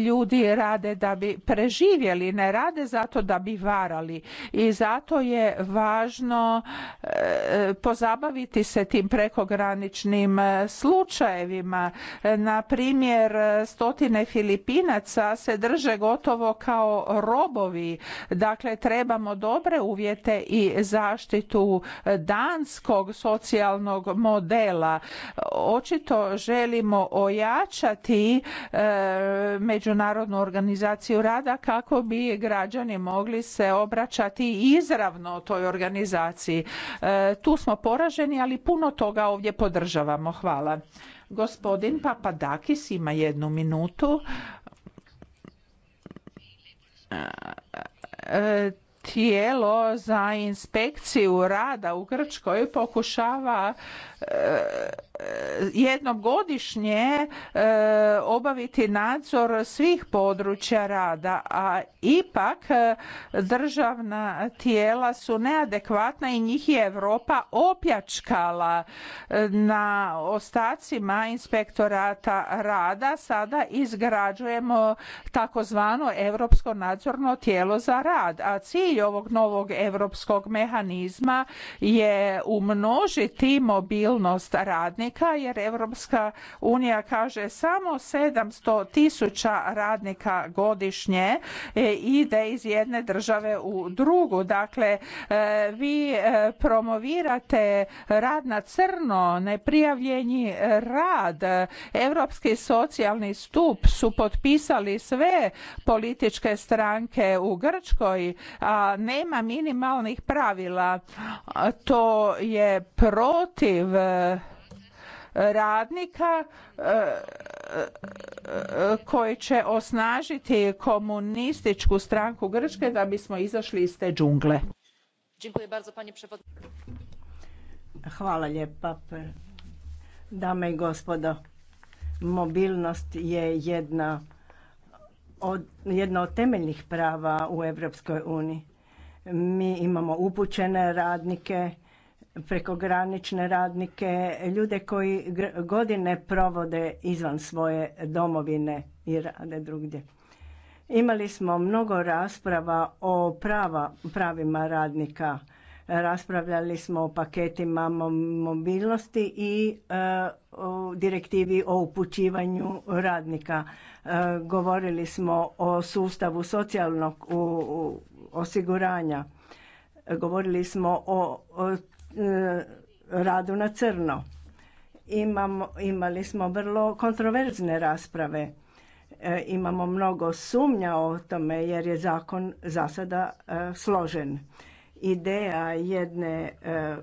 Ljudi rade da bi preživjeli, ne rade zato da bi varali i zato je važno e, pozabaviti se tim prekograničnim e, slučajevima. Na primjer, stotine Filipinaca se drže gotovo kao robovi. Dakle, trebamo dobre uvjete i zaštitu danskog socijalnog modela očito želimo ojačati e, međunarodnu organizaciju rada kako bi građani mogli se obraćati izravno toj organizaciji. E, tu smo poraženi, ali puno toga ovdje podržavamo. Hvala. Gospodin Papadakis ima jednu minutu e, tijelo za inspekciju rada u Grčkoj pokušava e, jednogodišnje e, obaviti nadzor svih područja rada, a ipak e, državna tijela su neadekvatna i njih je Europa opjačkala na ostacima inspektorata rada. Sada izgrađujemo takozvano europsko nadzorno tijelo za rad, a cilj cilj ovog novog europskog mehanizma je umnožiti mobilnost radnika jer Europska unija kaže samo 700 tisuća radnika godišnje e, ide iz jedne države u drugu. Dakle, e, vi e, promovirate rad na crno, neprijavljeni rad. Europski socijalni stup su potpisali sve političke stranke u Grčkoj, a nema minimalnih pravila. To je protiv e, radnika e, e, koji će osnažiti komunističku stranku Grčke da bismo izašli iz te džungle. Hvala lijepa. Dame i gospodo, mobilnost je jedna od, jedno od temeljnih prava u Europskoj uniji. Mi imamo upućene radnike, prekogranične radnike, ljude koji godine provode izvan svoje domovine i rade drugdje. Imali smo mnogo rasprava o prava, pravima radnika. Raspravljali smo o paketima mobilnosti i e, o direktivi o upućivanju radnika. E, govorili smo o sustavu socijalnog u osiguranja. Govorili smo o, e, radu na crno. imali smo vrlo kontroverzne rasprave. E, imamo mnogo sumnja o tome jer je zakon za sada e, složen. Ideja jedne,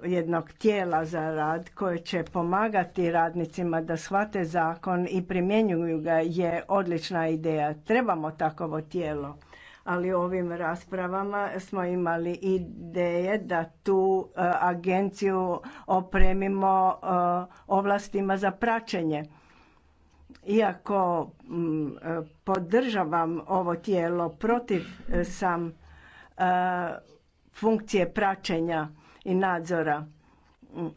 jednog tijela za rad koje će pomagati radnicima da shvate zakon i primjenjuju ga je odlična ideja. Trebamo takovo tijelo ali ovim raspravama smo imali ideje da tu e, agenciju opremimo e, ovlastima za praćenje. Iako mm, e, podržavam ovo tijelo protiv sam funkcije praćenja i nadzora mm,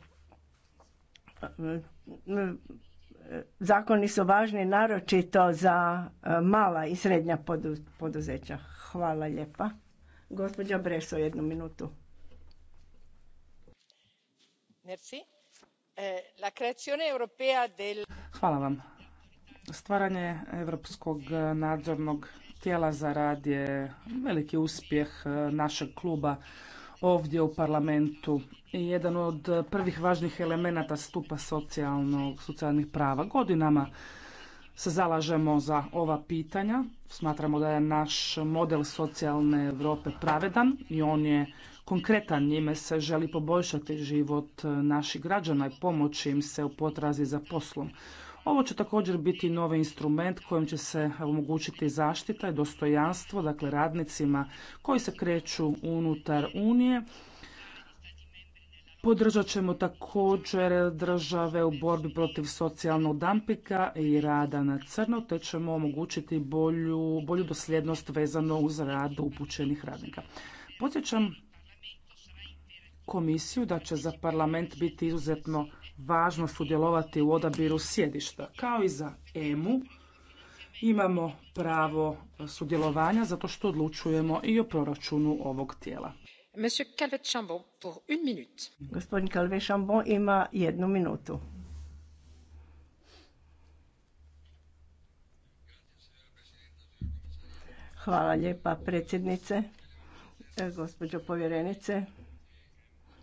zakoni su važni naročito za mala i srednja poduzeća. Hvala lijepa. Gospođa Breso, jednu minutu. Eh, Hvala vam. Stvaranje Europskog nadzornog tijela za rad je veliki uspjeh eh, našeg kluba ovdje u parlamentu. i Jedan od prvih važnih elemenata stupa socijalnog, socijalnih prava. Godinama se zalažemo za ova pitanja. Smatramo da je naš model socijalne Europe pravedan i on je konkretan. Njime se želi poboljšati život naših građana i pomoći im se u potrazi za poslom. Ovo će također biti novi instrument kojim će se omogućiti zaštita i dostojanstvo, dakle radnicima koji se kreću unutar Unije Podržat ćemo također države u borbi protiv socijalnog dampika i rada na crno, te ćemo omogućiti bolju, bolju dosljednost vezano uz rad upućenih radnika. Podsjećam komisiju da će za parlament biti izuzetno važno sudjelovati u odabiru sjedišta, kao i za EMU. Imamo pravo sudjelovanja zato što odlučujemo i o proračunu ovog tijela. Gospodin Calvet Chambon ima jednu minutu. Hvala lijepa predsjednice, e, gospođo povjerenice.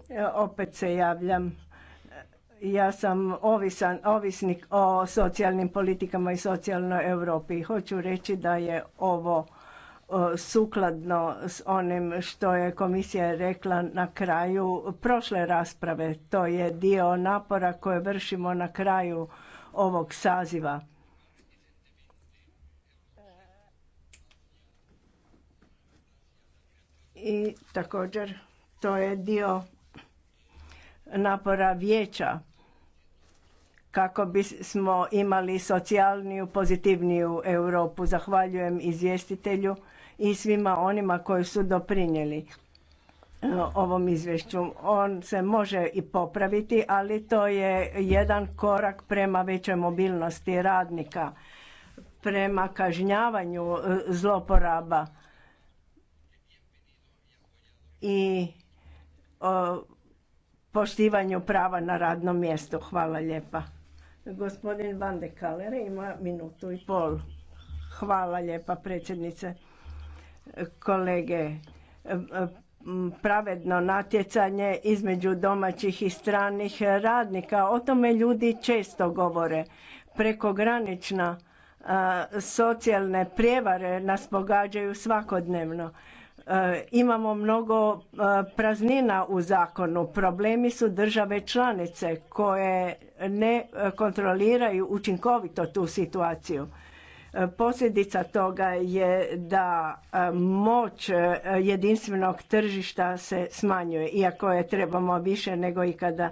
E, opet se javljam. E, ja sam ovisnik o socijalnim politikama i socijalnoj Europi. i Hoću reći da je ovo sukladno s onim što je komisija rekla na kraju prošle rasprave. To je dio napora koje vršimo na kraju ovog saziva. I također to je dio napora vijeća kako bismo imali socijalniju, pozitivniju Europu. Zahvaljujem izvjestitelju i svima onima koji su doprinijeli e, ovom izvješću. On se može i popraviti, ali to je jedan korak prema većoj mobilnosti radnika, prema kažnjavanju e, zloporaba i e, poštivanju prava na radnom mjestu. Hvala lijepa. Gospodin Van de Kalere ima minutu i pol. Hvala lijepa predsjednice kolege pravedno natjecanje između domaćih i stranih radnika. O tome ljudi često govore. Prekogranična socijalne prijevare nas pogađaju svakodnevno. Imamo mnogo praznina u zakonu. Problemi su države članice koje ne kontroliraju učinkovito tu situaciju. Posljedica toga je da e, moć e, jedinstvenog tržišta se smanjuje, iako je trebamo više nego ikada.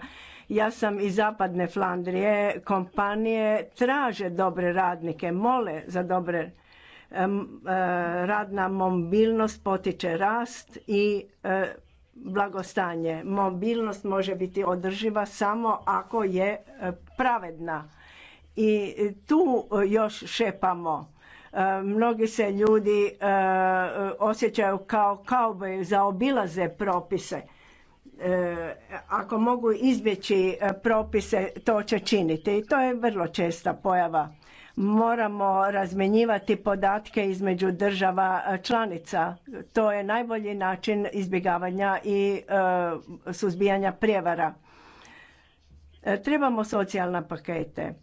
Ja sam iz zapadne Flandrije, kompanije traže dobre radnike, mole za dobre e, radna mobilnost potiče rast i blagostanje. Mobilnost može biti održiva samo ako je pravedna i tu e, još šepamo. E, mnogi se ljudi e, osjećaju kao za zaobilaze propise. Ako mogu izbjeći propise, to će činiti. I to je vrlo česta pojava. Moramo razmenjivati podatke između država članica. To je najbolji način izbjegavanja i suzbijanja prijevara. Trebamo socijalne pakete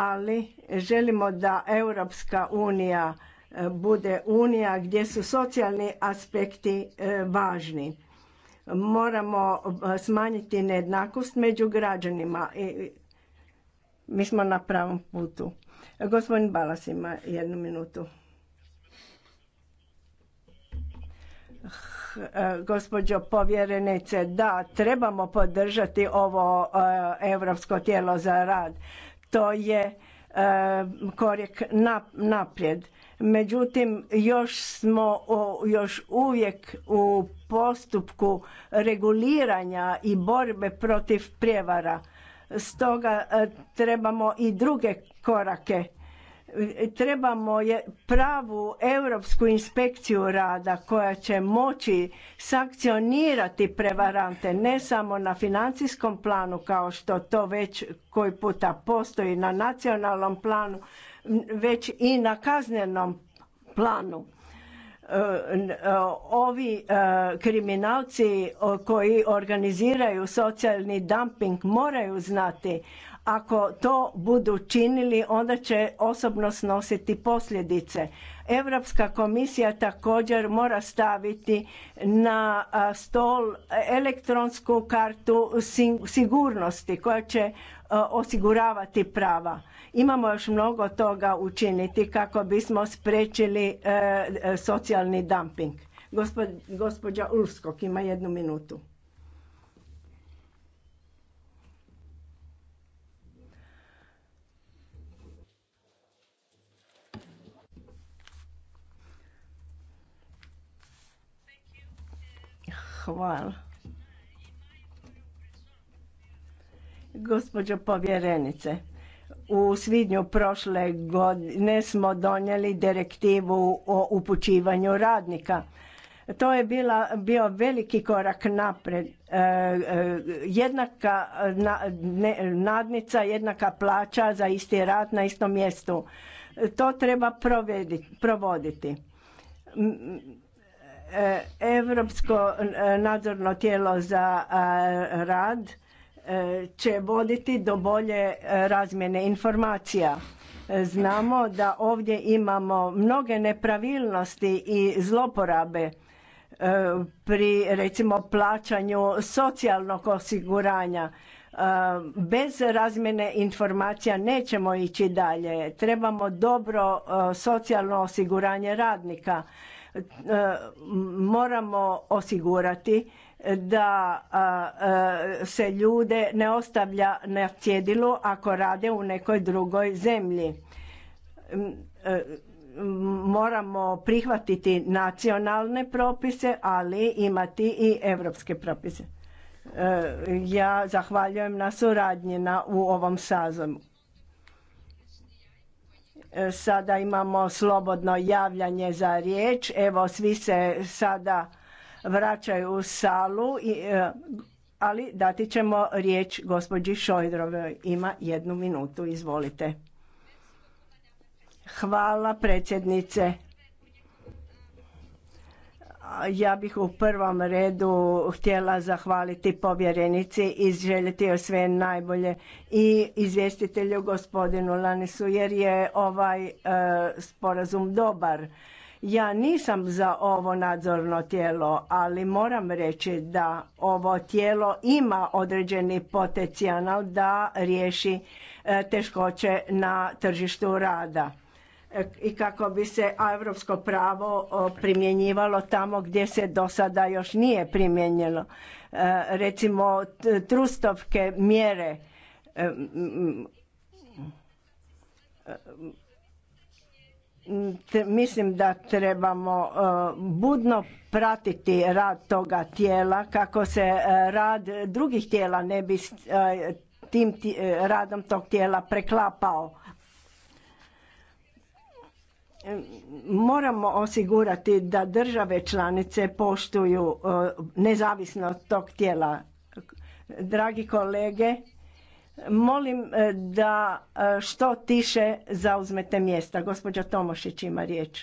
ali želimo da Europska unija e, bude unija gdje su socijalni aspekti e, važni. Moramo e, smanjiti nejednakost među građanima i mi smo na pravom putu. Gospodin Balas ima jednu minutu. Gospođo povjerenice, da, trebamo podržati ovo Europsko tijelo za rad. To je e, korak naprijed. Međutim, još smo još uvijek u postupku reguliranja i borbe protiv prijevara. Stoga e, trebamo i druge korake trebamo je pravu europsku inspekciju rada koja će moći sankcionirati prevarante ne samo na financijskom planu kao što to već koji puta postoji na nacionalnom planu već i na kaznenom planu e, ovi e, kriminalci koji organiziraju socijalni dumping moraju znati ako to budu činili, onda će osobno snositi posljedice. Europska komisija također mora staviti na stol elektronsku kartu sigurnosti koja će osiguravati prava. Imamo još mnogo toga učiniti kako bismo spriječili e, e, socijalni dumping. Gospođa Ulskog ima jednu minutu. Hvala. Gospođo povjerenice, u svibnju prošle godine smo donijeli direktivu o upućivanju radnika. To je bila, bio veliki korak napred. E, e, jednaka nadnica, jednaka plaća za isti rad na istom mjestu. To treba provoditi Europsko e, nadzorno tijelo za e, rad e, će voditi do bolje razmjene informacija. Znamo da ovdje imamo mnoge nepravilnosti i zloporabe pri recimo plaćanju socijalnog osiguranja. Bez razmjene informacija nećemo ići dalje. Trebamo dobro socijalno osiguranje radnika moramo osigurati da se ljude ne ostavlja na cjedilu ako rade u nekoj drugoj zemlji. E, moramo prihvatiti nacionalne propise, ali imati i europske propise. E, ja zahvaljujem na suradnji u ovom sazomu. E, sada imamo slobodno javljanje za riječ. Evo, svi se sada vraćaju u salu, e, ali dati ćemo riječ gospođi Šojdrove. Ima jednu minutu, izvolite. Hvala predsjednice ja bih u prvom redu htjela zahvaliti povjerenici i željeti joj sve najbolje i izvjestitelju gospodinu Lanisu jer je ovaj e, sporazum dobar. Ja nisam za ovo nadzorno tijelo, ali moram reći da ovo tijelo ima određeni potencijal da riješi e, teškoće na tržištu rada i kako bi se europsko pravo primjenjivalo tamo gdje se do sada još nije primjenjeno. E, recimo trustovke mjere e, mislim da trebamo e, budno pratiti rad toga tijela kako se rad drugih tijela ne bi tim radom tog tijela preklapao moramo osigurati da države članice poštuju e, od tog tijela. Dragi kolege, molim e, da e, što tiše zauzmete mjesta. Gospođa Tomošić ima riječ.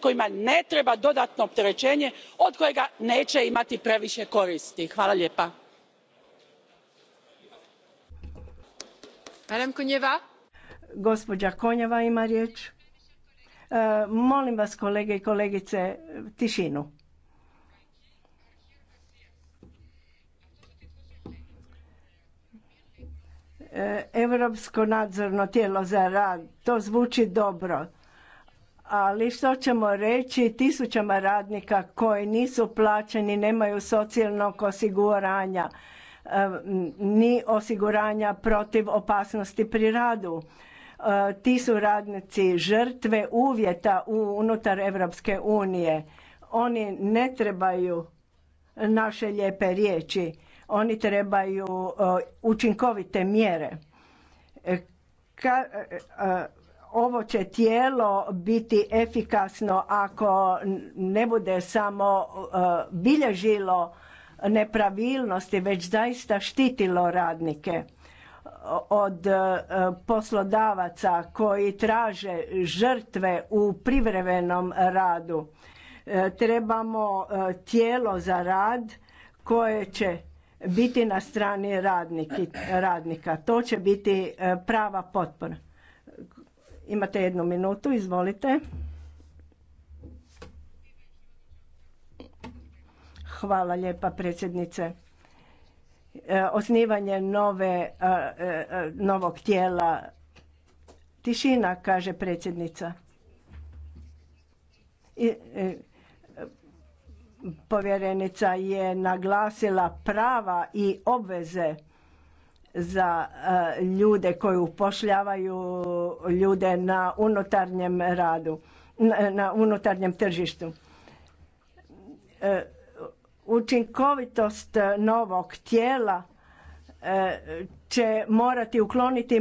kojima ne treba dodatno opterećenje od kojega neće imati previše koristi. gospođa konjeva ima riječ e, molim vas kolege i kolegice tišinu e, europsko nadzorno tijelo za rad to zvuči dobro ali što ćemo reći tisućama radnika koji nisu plaćeni, nemaju socijalnog osiguranja, eh, ni osiguranja protiv opasnosti pri radu. Eh, ti su radnici žrtve uvjeta unutar Europske unije. Oni ne trebaju naše lijepe riječi, oni trebaju eh, učinkovite mjere. Ka, ovo će tijelo biti efikasno ako ne bude samo e, bilježilo nepravilnosti već zaista štitilo radnike od e, poslodavaca koji traže žrtve u privremenom radu. E, trebamo tijelo za rad koje će biti na strani radnika. To će biti prava potpora. Imate jednu minutu, izvolite. Hvala lijepa predsjednice. E, osnivanje nove, e, e, novog tijela. Tišina, kaže predsjednica. I, povjerenica je naglasila prava i obveze za e, ljude koji upošljavaju ljude na unutarnjem radu, na unutarnjem tržištu. E, učinkovitost novog tijela e, će morati ukloniti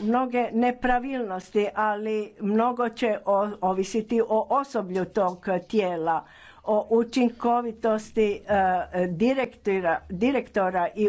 mnoge nepravilnosti, ali mnogo će ovisiti o osoblju tog tijela, o učinkovitosti direktora, direktora i